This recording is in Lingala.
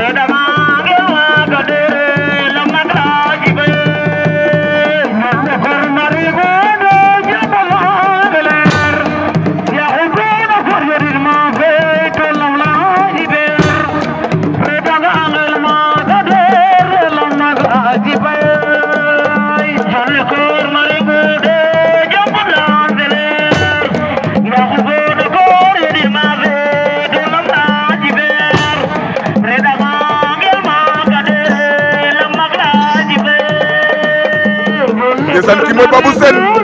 Third ndesaan kii mooy Babou Sène